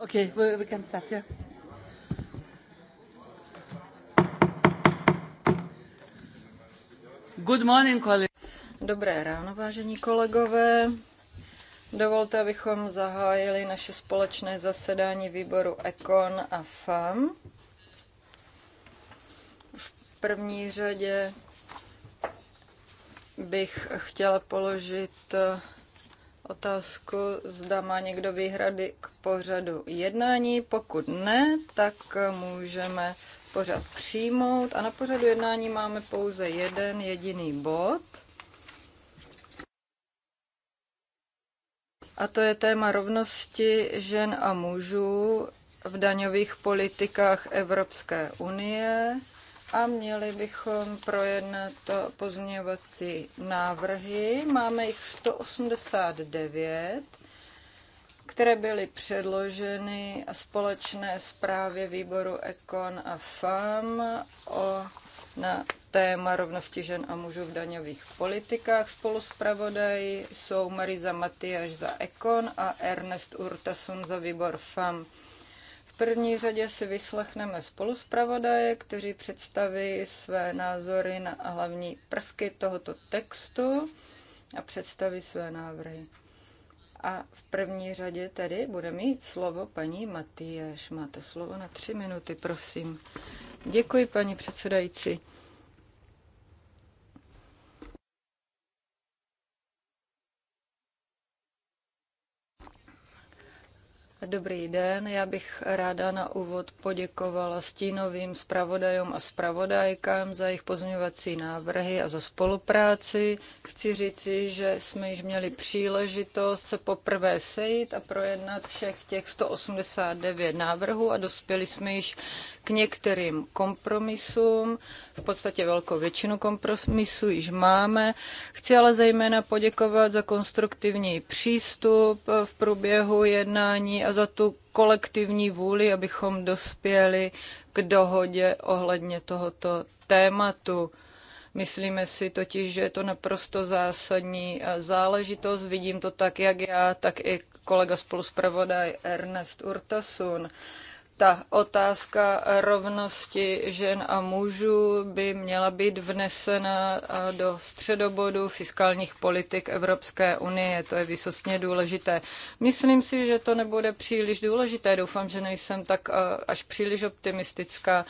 Okay, we, we can start, yeah. Good morning, Dobré ráno, vážení kolegové. Dovolte, abychom zahájili naše společné zasedání výboru Econ a FAM. V první řadě bych chtěla položit otázku, zda má někdo výhrady k pořadu jednání. Pokud ne, tak můžeme pořad přijmout. A na pořadu jednání máme pouze jeden jediný bod. A to je téma rovnosti žen a mužů v daňových politikách Evropské unie a měli bychom projednat pozměňovací návrhy. Máme jich 189, které byly předloženy a společné zprávě výboru Econ a FAM o, na téma rovnosti žen a mužů v daňových politikách. Spoluspravodají jsou Marisa Matyáš za Econ a Ernest Urtasun za výbor FAM. V první řadě si vyslechneme spoluspravodaje, kteří představí své názory na hlavní prvky tohoto textu a představí své návrhy. A v první řadě tedy bude mít slovo paní Matyáš. Máte slovo na tři minuty, prosím. Děkuji, paní předsedající. Dobrý den, já bych ráda na úvod poděkovala stínovým zpravodajům a zpravodajkám za jejich pozměňovací návrhy a za spolupráci. Chci říci, že jsme již měli příležitost se poprvé sejít a projednat všech těch 189 návrhů a dospěli jsme již k některým kompromisům. V podstatě velkou většinu kompromisů již máme. Chci ale zejména poděkovat za konstruktivní přístup v průběhu jednání a za tu kolektivní vůli, abychom dospěli k dohodě ohledně tohoto tématu. Myslíme si totiž, že je to naprosto zásadní záležitost. Vidím to tak, jak já, tak i kolega spoluspravodaj Ernest Urtasun ta otázka rovnosti žen a mužů by měla být vnesena do středobodu fiskálních politik Evropské unie. To je vysostně důležité. Myslím si, že to nebude příliš důležité. Doufám, že nejsem tak až příliš optimistická.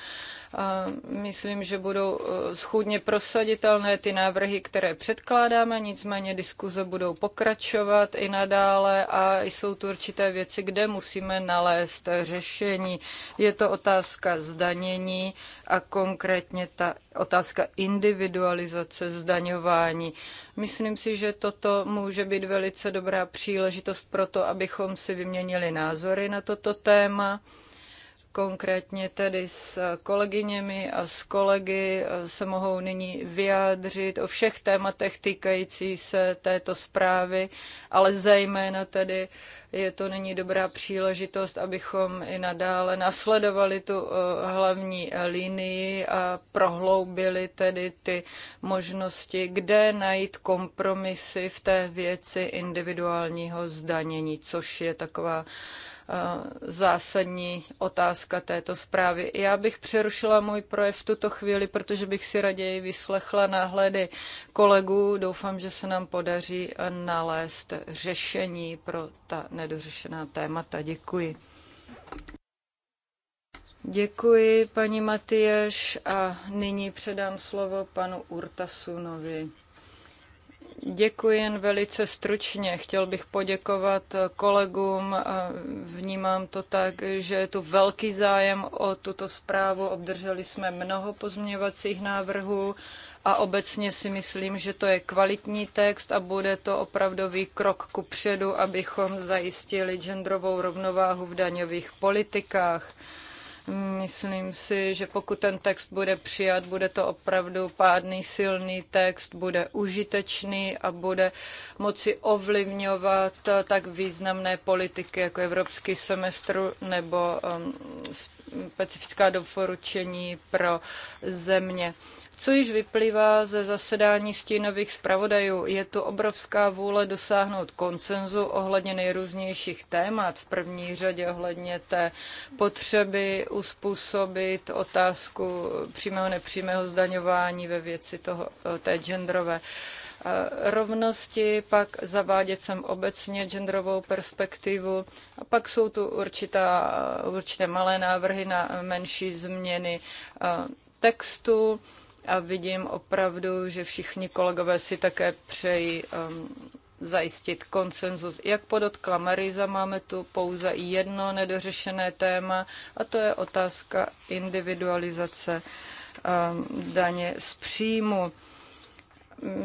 Myslím, že budou e, schůdně prosaditelné ty návrhy, které předkládáme, nicméně diskuze budou pokračovat i nadále a jsou tu určité věci, kde musíme nalézt řešení je to otázka zdanění a konkrétně ta otázka individualizace zdaňování. Myslím si, že toto může být velice dobrá příležitost pro to, abychom si vyměnili názory na toto téma konkrétně tedy s kolegyněmi a s kolegy eh, se mohou nyní vyjádřit o všech tématech týkající se této zprávy, ale zejména tedy je to nyní dobrá příležitost, abychom i nadále nasledovali tu eh, hlavní linii a prohloubili tedy ty možnosti, kde najít kompromisy v té věci individuálního zdanění, což je taková Eh, zásadní otázka této zprávy. Já bych přerušila můj projev v tuto chvíli, protože bych si raději vyslechla náhledy kolegů. Doufám, že se nám podaří eh, nalézt řešení pro ta nedořešená témata. Děkuji. Děkuji, paní Matyješ, a nyní předám slovo panu Urtasunovi. Děkuji jen velice stručně. Chtěl bych poděkovat kolegům. Vnímám to tak, že je tu velký zájem o tuto zprávu. Obdrželi jsme mnoho pozměňovacích návrhů a obecně si myslím, že to je kvalitní text a bude to opravdový krok ku předu, abychom zajistili genderovou rovnováhu v daňových politikách. Myslím si, že pokud ten text bude přijat, bude to opravdu pádný, silný text, bude užitečný a bude moci ovlivňovat eh, tak významné politiky jako Evropský semestr nebo ehm, specifická doporučení pro země. Co již vyplývá ze zasedání stínových zpravodajů, je tu obrovská vůle dosáhnout koncenzu ohledně nejrůznějších témat, v první řadě ohledně té potřeby uspůsobit otázku přímého nepřímého zdaňování ve věci toho, té genderové eh, rovnosti, pak zavádět sem obecně genderovou perspektivu a pak jsou tu určitá, určité malé návrhy na menší změny eh, textu a vidím opravdu, že všichni kolegové si také přejí um, zajistit konsenzus. Jak podotkla Mariza, máme tu pouze jedno nedořešené téma a to je otázka individualizace um, daně z příjmu.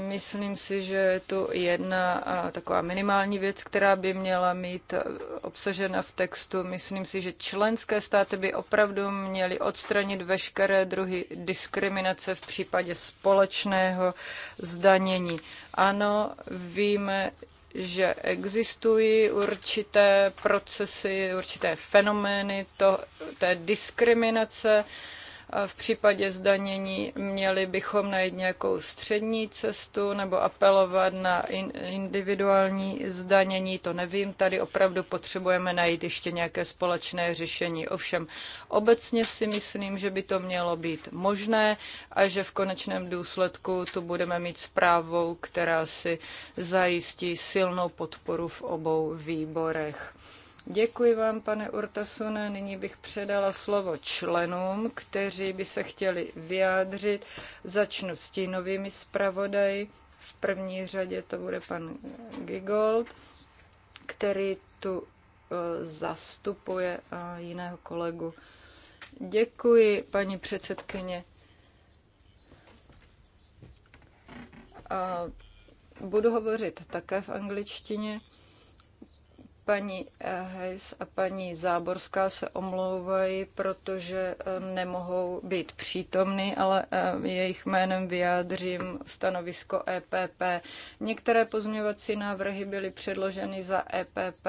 Myslím si, že je to jedna taková minimální věc, která by měla mít e, obsažena v textu. Myslím si, že členské státy by opravdu měly odstranit veškeré druhy diskriminace v případě společného zdanění. Ano, víme, že existují určité procesy, určité fenomény to, té diskriminace, v případě zdanění měli bychom najít nějakou střední cestu nebo apelovat na individuální zdanění, to nevím. Tady opravdu potřebujeme najít ještě nějaké společné řešení. Ovšem obecně si myslím, že by to mělo být možné a že v konečném důsledku tu budeme mít zprávou, která si zajistí silnou podporu v obou výborech. Děkuji vám, pane Urtasune. Nyní bych předala slovo členům, kteří by se chtěli vyjádřit. Začnu s novými zpravodaj. V první řadě to bude pan Gigold, který tu e, zastupuje e, jiného kolegu. Děkuji, paní předsedkyně. A budu hovořit také v angličtině. Paní eh, Hejs a paní Záborská se omlouvají, protože eh, nemohou být přítomny, ale eh, jejich jménem vyjádřím stanovisko EPP. Některé pozměňovací návrhy byly předloženy za EPP.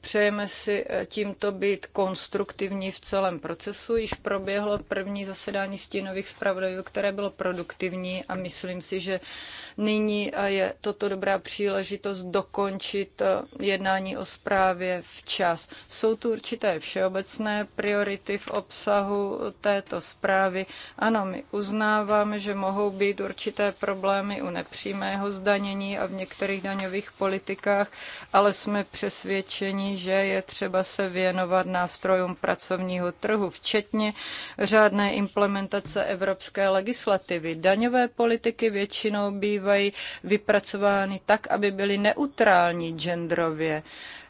Přejeme si tímto být konstruktivní v celém procesu. Již proběhlo první zasedání stínových zpravodajů, které bylo produktivní a myslím si, že nyní je toto dobrá příležitost dokončit jednání o zpravodajů právě včas. Jsou tu určité všeobecné priority v obsahu této zprávy. Ano, my uznáváme, že mohou být určité problémy u nepřímého zdanění a v některých daňových politikách, ale jsme přesvědčeni, že je třeba se věnovat nástrojům pracovního trhu, včetně řádné implementace evropské legislativy. Daňové politiky většinou bývají vypracovány tak, aby byly neutrální genderově.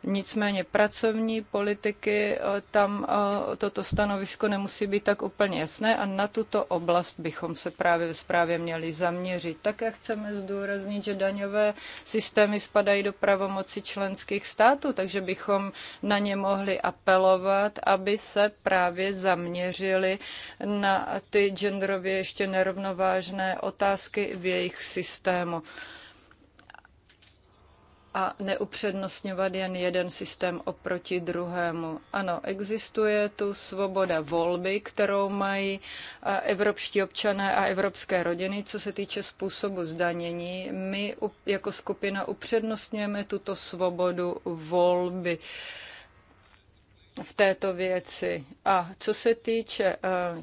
Nicméně pracovní politiky, eh, tam eh, toto stanovisko nemusí být tak úplně jasné a na tuto oblast bychom se právě ve zprávě měli zaměřit. Také chceme zdůraznit, že daňové systémy spadají do pravomoci členských států, takže bychom na ně mohli apelovat, aby se právě zaměřili na ty genderově ještě nerovnovážné otázky v jejich systému a neupřednostňovat jen jeden systém oproti druhému. Ano, existuje tu svoboda volby, kterou mají eh, evropští občané a evropské rodiny, co se týče způsobu zdanění. My jako skupina upřednostňujeme tuto svobodu volby. Uh, v této věci. A co se týče eh,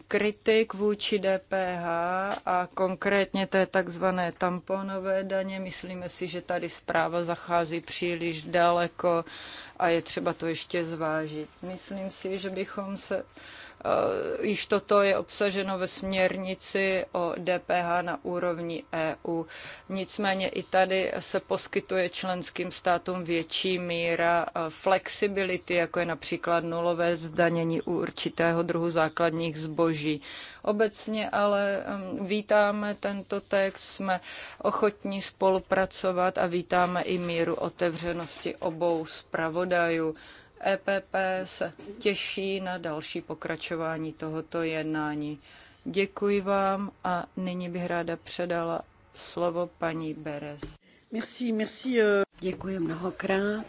kritik vůči DPH a konkrétně té takzvané tamponové daně, myslíme si, že tady zpráva zachází příliš daleko a je třeba to ještě zvážit. Myslím si, že bychom se Eh, již toto je obsaženo ve směrnici o DPH na úrovni EU. Nicméně i tady se poskytuje členským státům větší míra eh, flexibility, jako je například nulové zdanění u určitého druhu základních zboží. Obecně ale vítáme tento text, jsme ochotní spolupracovat a vítáme i míru otevřenosti obou zpravodajů. EPP se těší na další pokračování tohoto jednání. Děkuji vám a nyní bych ráda předala slovo paní Beres. Merci, merci. Euh. Děkuji mnohokrát.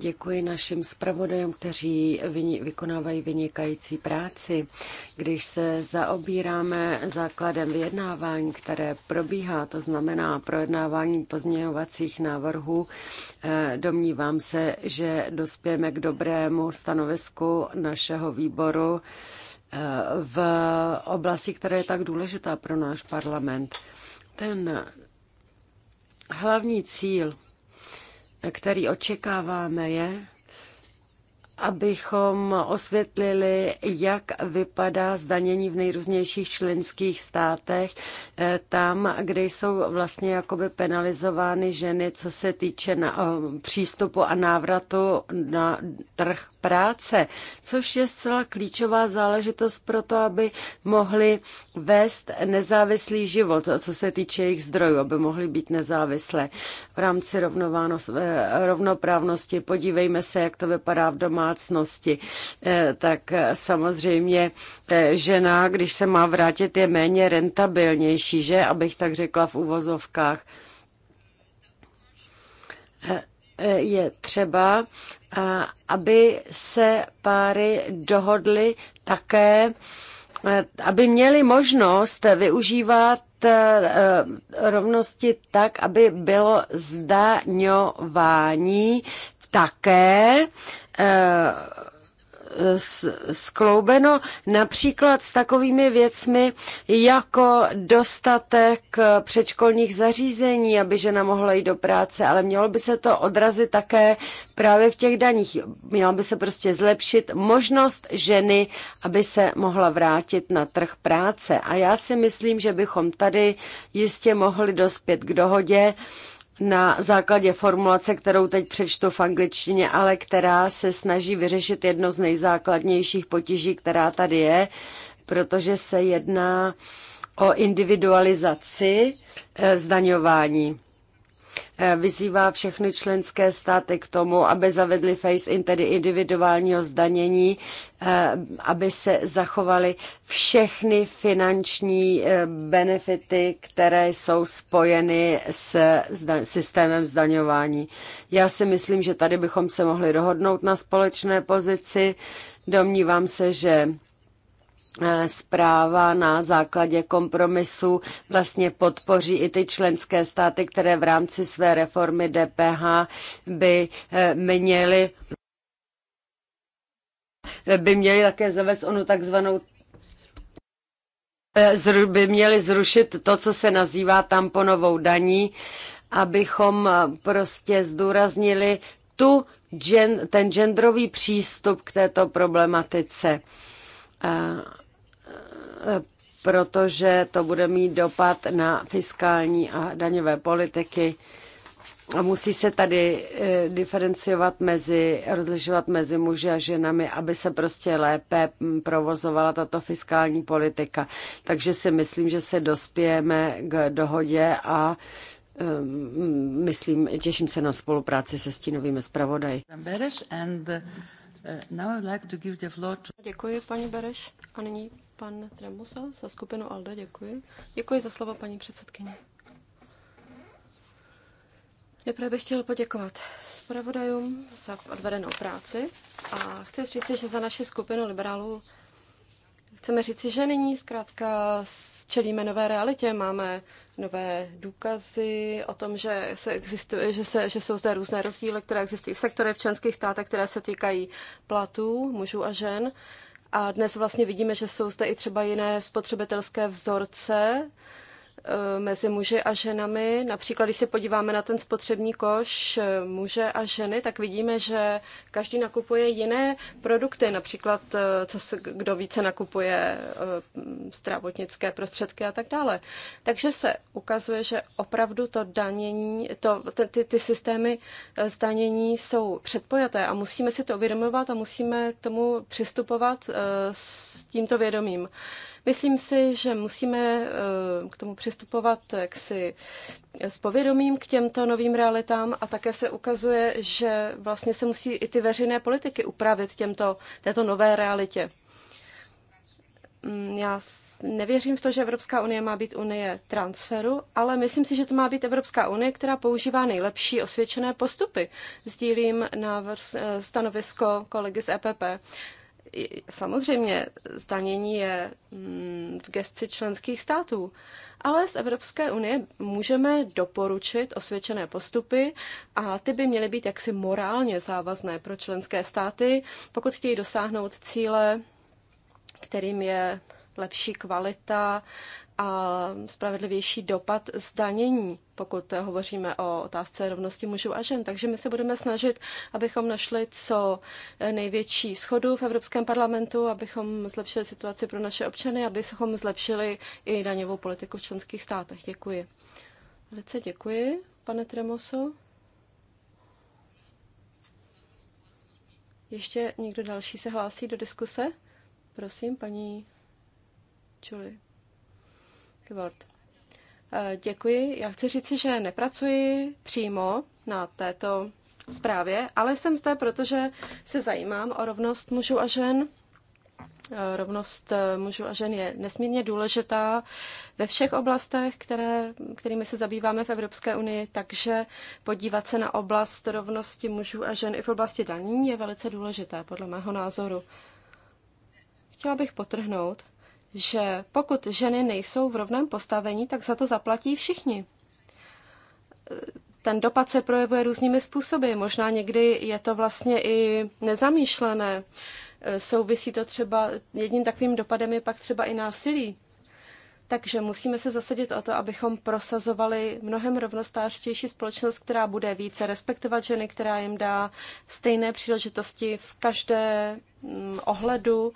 Děkuji našim zpravodajům, kteří vykonávají vynikající práci. Když se zaobíráme základem vyjednávání, které probíhá, to znamená projednávání pozměňovacích návrhů, eh, domnívám se, že dospějeme k dobrému stanovisku našeho výboru eh, v oblasti, která je tak důležitá pro náš parlament. Ten hlavní cíl který očekáváme, je, abychom osvětlili, jak vypadá zdanění v nejrůznějších členských státech, eh, tam, kde jsou vlastně jakoby penalizovány ženy, co se týče na, eh, přístupu a návratu na trh práce, což je zcela klíčová záležitost pro to, aby mohli vést nezávislý život, co se týče jejich zdrojů, aby mohli být nezávislé v rámci eh, rovnoprávnosti. Podívejme se, jak to vypadá v domácnosti domácnosti. Eh, tak samozřejmě eh, žena, když se má vrátit, je méně rentabilnější, že? Abych tak řekla v uvozovkách. Eh, je třeba, aby se páry dohodly také, aby měli možnost využívat rovnosti tak, aby bylo zdaňování také eh, skloubeno například s takovými věcmi jako dostatek eh, předškolních zařízení, aby žena mohla jít do práce, ale mělo by se to odrazit také právě v těch daních. Měla by se prostě zlepšit možnost ženy, aby se mohla vrátit na trh práce. A já si myslím, že bychom tady jistě mohli dospět k dohodě, na základě formulace, kterou teď přečtu v angličtině, ale která se snaží vyřešit jedno z nejzákladnějších potíží, která tady je, protože se jedná o individualizaci eh, zdaňování. Eh, vyzývá všechny členské státy k tomu, aby zavedli face-in, tedy individuálního zdanění, eh, aby se zachovaly všechny finanční eh, benefity, které jsou spojeny s systémem zdaňování. Já si myslím, že tady bychom se mohli dohodnout na společné pozici. Domnívám se, že Eh, zpráva na základě kompromisu vlastně podpoří i ty členské státy, které v rámci své reformy DPH eh, by měly by měli také zavést onu takzvanou eh, by měli zrušit to, co se nazývá tamponovou daní, abychom prostě zdůraznili tu, ten genderový přístup k této problematice protože to bude mít dopad na fiskální a daňové politiky. A musí se tady eh, diferenciovat mezi, rozlišovat mezi muži a ženami, aby se prostě lépe hm, provozovala tato fiskální politika. Takže si myslím, že se dospějeme k dohodě a hm, myslím, těším se na spolupráci se stínovými zpravodaji. Děkuji, paní Bereš. A nyní Pan Tremosa za skupinu Alda děkuji. Děkuji za slovo, paní předsedkyně. Nejprve bych chtěl poděkovat zpravodajům za odvedenou práci a chci říct, že za naši skupinu liberálů chceme říci, že nyní zkrátka čelíme nové realitě, máme nové důkazy o tom, že, se existuje, že, se, že jsou zde různé rozdíly, které existují v sektorech v členských státech, které se týkají platů mužů a žen. A dnes vlastně vidíme, že jsou zde i třeba jiné spotřebitelské vzorce, Eh, mezi muži a ženami. Například, když se podíváme na ten spotřební koš eh, muže a ženy, tak vidíme, že každý nakupuje jiné produkty. Například, eh, co se, kdo více nakupuje zdravotnické prostředky a tak dále. Takže se ukazuje, že opravdu to danění, to, ty, ty systémy zdanění jsou předpojaté a musíme si to uvědomovat a musíme k tomu přistupovat s tímto vědomím. Myslím si, že musíme eh, k tomu přistupovat si s povědomím k těmto novým realitám a také se ukazuje, že vlastně se musí i ty veřejné politiky upravit těmto, této nové realitě. Mm, já nevěřím v to, že Evropská unie má být unie transferu, ale myslím si, že to má být Evropská unie, která používá nejlepší osvědčené postupy. Sdílím na eh, stanovisko kolegy z EPP. Samozřejmě zdanění je mm, v gesci členských států, ale z Evropské unie můžeme doporučit osvědčené postupy a ty by měly být jaksi morálně závazné pro členské státy, pokud chtějí dosáhnout cíle, kterým je lepší kvalita a spravedlivější dopad zdanění, pokud hovoříme o otázce rovnosti mužů a žen. Takže my se budeme snažit, abychom našli co největší schodu v Evropském parlamentu, abychom zlepšili situaci pro naše občany, abychom zlepšili i daňovou politiku v členských státech. Děkuji. Velice děkuji, pane Tremoso. Ještě někdo další se hlásí do diskuse? Prosím, paní Čuli. Keyboard. Eh, děkuji. Já chci říci, že nepracuji přímo na této zprávě, ale jsem zde, protože se zajímám o rovnost mužů a žen. Eh, rovnost eh, mužů a žen je nesmírně důležitá ve všech oblastech, které, kterými se zabýváme v Evropské unii, takže podívat se na oblast rovnosti mužů a žen i v oblasti daní je velice důležité, podle mého názoru. Chtěla bych potrhnout, že pokud ženy nejsou v rovném postavení, tak za to zaplatí všichni. Ten dopad se projevuje různými způsoby. Možná někdy je to vlastně i nezamýšlené. Souvisí to třeba, jedním takovým dopadem je pak třeba i násilí. Takže musíme se zasadit o to, abychom prosazovali mnohem rovnostářtější společnost, která bude více respektovat ženy, která jim dá stejné příležitosti v každé mm, ohledu,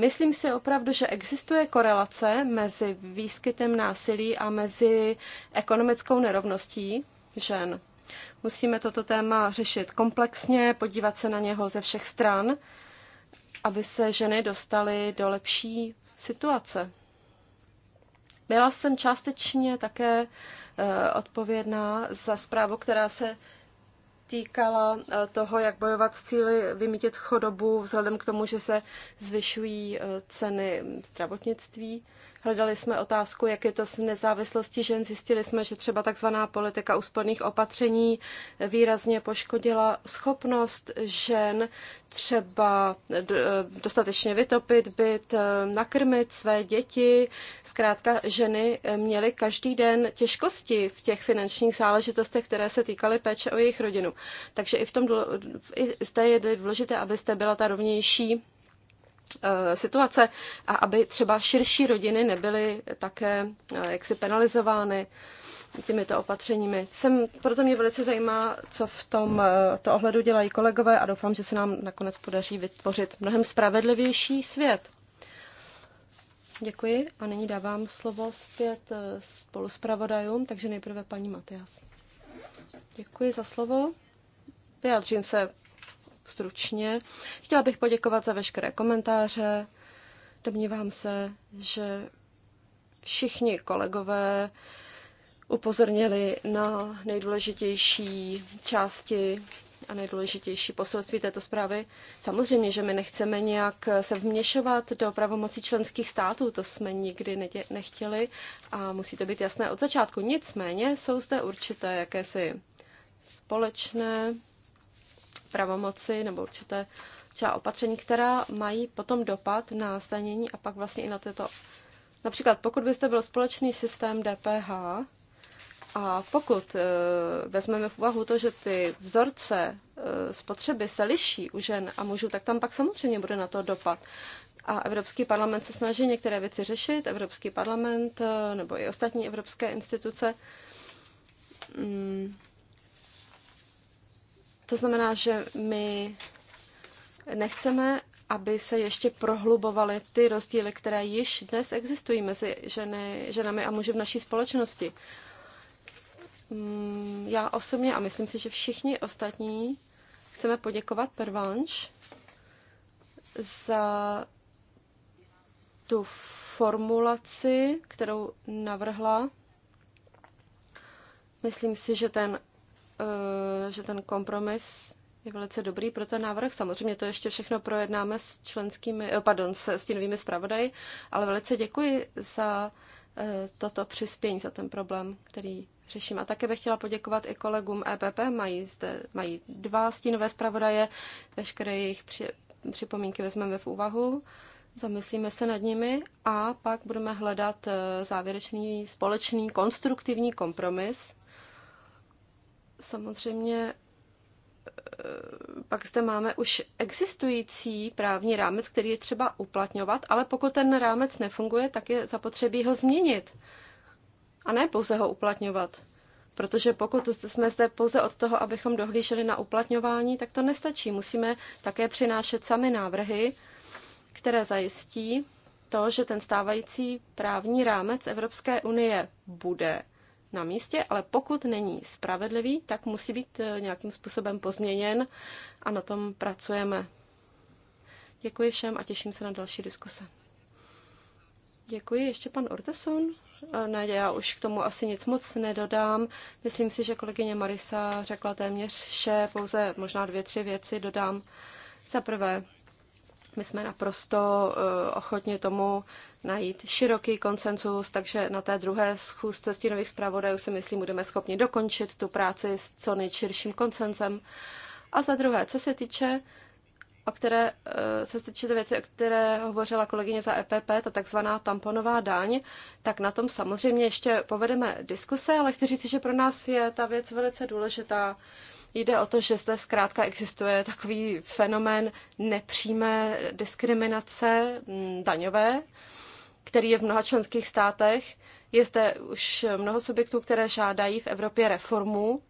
Myslím si opravdu, že existuje korelace mezi výskytem násilí a mezi ekonomickou nerovností žen. Musíme toto téma řešit komplexně, podívat se na něho ze všech stran, aby se ženy dostaly do lepší situace. Byla jsem částečně také eh, odpovědná za zprávu, která se týkala eh, toho, jak bojovat s cíly vymítit chodobu vzhledem k tomu, že se zvyšují eh, ceny mm, zdravotnictví. Hledali jsme otázku, jak je to s nezávislostí žen. Zjistili jsme, že třeba takzvaná politika úsporných opatření výrazně poškodila schopnost žen třeba e, dostatečně vytopit byt, e, nakrmit své děti. Zkrátka ženy měly každý den těžkosti v těch finančních záležitostech, které se týkaly péče o jejich rodinu. Takže i v tom i zde je důležité, abyste byla ta rovnější Eh, situace a aby třeba širší rodiny nebyly také eh, jaksi penalizovány těmito opatřeními. Jsem, proto mě velice zajímá, co v tom eh, to ohledu dělají kolegové a doufám, že se nám nakonec podaří vytvořit mnohem spravedlivější svět. Děkuji a nyní dávám slovo zpět spoluspravodajům, takže nejprve paní Matias. Děkuji za slovo. Vyjádřím se stručně. Chtěla bych poděkovat za veškeré komentáře. Domnívám se, že všichni kolegové upozornili na nejdůležitější části a nejdůležitější poselství této zprávy. Samozřejmě, že my nechceme nějak se vměšovat do pravomocí členských států, to jsme nikdy nechtěli a musí to být jasné od začátku. Nicméně jsou zde určité jakési společné pravomoci nebo určité třeba opatření, která mají potom dopad na zdanění a pak vlastně i na tyto. Například pokud byste byl společný systém DPH a pokud e, vezmeme v úvahu to, že ty vzorce e, spotřeby se liší u žen a mužů, tak tam pak samozřejmě bude na to dopad. A Evropský parlament se snaží některé věci řešit, Evropský parlament e, nebo i ostatní evropské instituce. Mm, to znamená, že my nechceme, aby se ještě prohlubovaly ty rozdíly, které již dnes existují mezi ženy, ženami a muži v naší společnosti. Mm, já osobně a myslím si, že všichni ostatní chceme poděkovat Pervanš za tu formulaci, kterou navrhla. Myslím si, že ten Eh, že ten kompromis je velice dobrý pro ten návrh. Samozřejmě to ještě všechno projednáme s členskými, eh, pardon, se stínovými zpravodaji, ale velice děkuji za eh, toto přispění, za ten problém, který řeším. A také bych chtěla poděkovat i kolegům EPP, mají, zde, mají dva stínové zpravodaje, veškeré jejich při, připomínky vezmeme v úvahu, zamyslíme se nad nimi a pak budeme hledat závěrečný společný konstruktivní kompromis, samozřejmě eh, pak zde máme už existující právní rámec, který je třeba uplatňovat, ale pokud ten rámec nefunguje, tak je zapotřebí ho změnit. A ne pouze ho uplatňovat. Protože pokud jsme zde pouze od toho, abychom dohlíželi na uplatňování, tak to nestačí. Musíme také přinášet sami návrhy, které zajistí to, že ten stávající právní rámec Evropské unie bude na místě, ale pokud není spravedlivý, tak musí být eh, nějakým způsobem pozměněn a na tom pracujeme. Děkuji všem a těším se na další diskuse. Děkuji. Ještě pan Orteson? Eh, ne, já už k tomu asi nic moc nedodám. Myslím si, že kolegyně Marisa řekla téměř vše, pouze možná dvě, tři věci dodám. Za prvé, my jsme naprosto eh, ochotně tomu najít široký konsenzus, takže na té druhé schůzce stínových zpravodajů si myslím, budeme schopni dokončit tu práci s co nejširším konsenzem. A za druhé, co se týče o které, eh, co se týče věci, o které hovořila kolegyně za EPP, ta takzvaná tamponová daň, tak na tom samozřejmě ještě povedeme diskuse, ale chci říct, že pro nás je ta věc velice důležitá. Jde o to, že zde zkrátka existuje takový fenomén nepřímé diskriminace mm, daňové, který je v mnoha členských státech. Je zde už mnoho subjektů, které žádají v Evropě reformu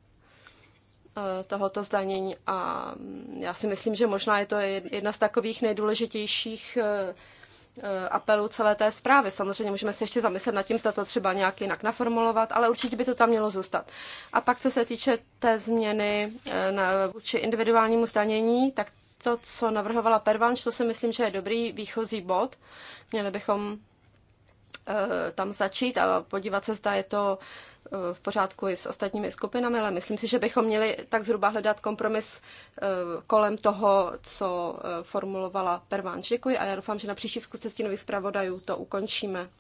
eh, tohoto zdanění a mm, já si myslím, že možná je to jedna z takových nejdůležitějších eh, Eh, apelu celé té zprávy. Samozřejmě můžeme se ještě zamyslet nad tím, zda to třeba nějak jinak naformulovat, ale určitě by to tam mělo zůstat. A pak, co se týče té změny eh, na, vůči individuálnímu zdanění, tak to, co navrhovala Pervanč, to si myslím, že je dobrý výchozí bod. Měli bychom eh, tam začít a podívat se, zda je to Eh, v pořádku i s ostatními skupinami, ale myslím si, že bychom měli tak zhruba hledat kompromis eh, kolem toho, co eh, formulovala Pervánč. Děkuji a já doufám, že na příští zkusce stínových zpravodajů to ukončíme.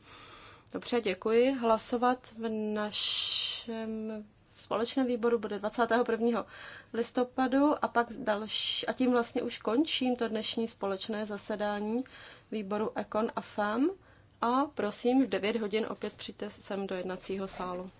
Dobře, děkuji. Hlasovat v našem společném výboru bude 21. listopadu a pak další, a tím vlastně už končím to dnešní společné zasedání výboru Econ a FAM a prosím v 9 hodin opět přijďte sem do jednacího sálu.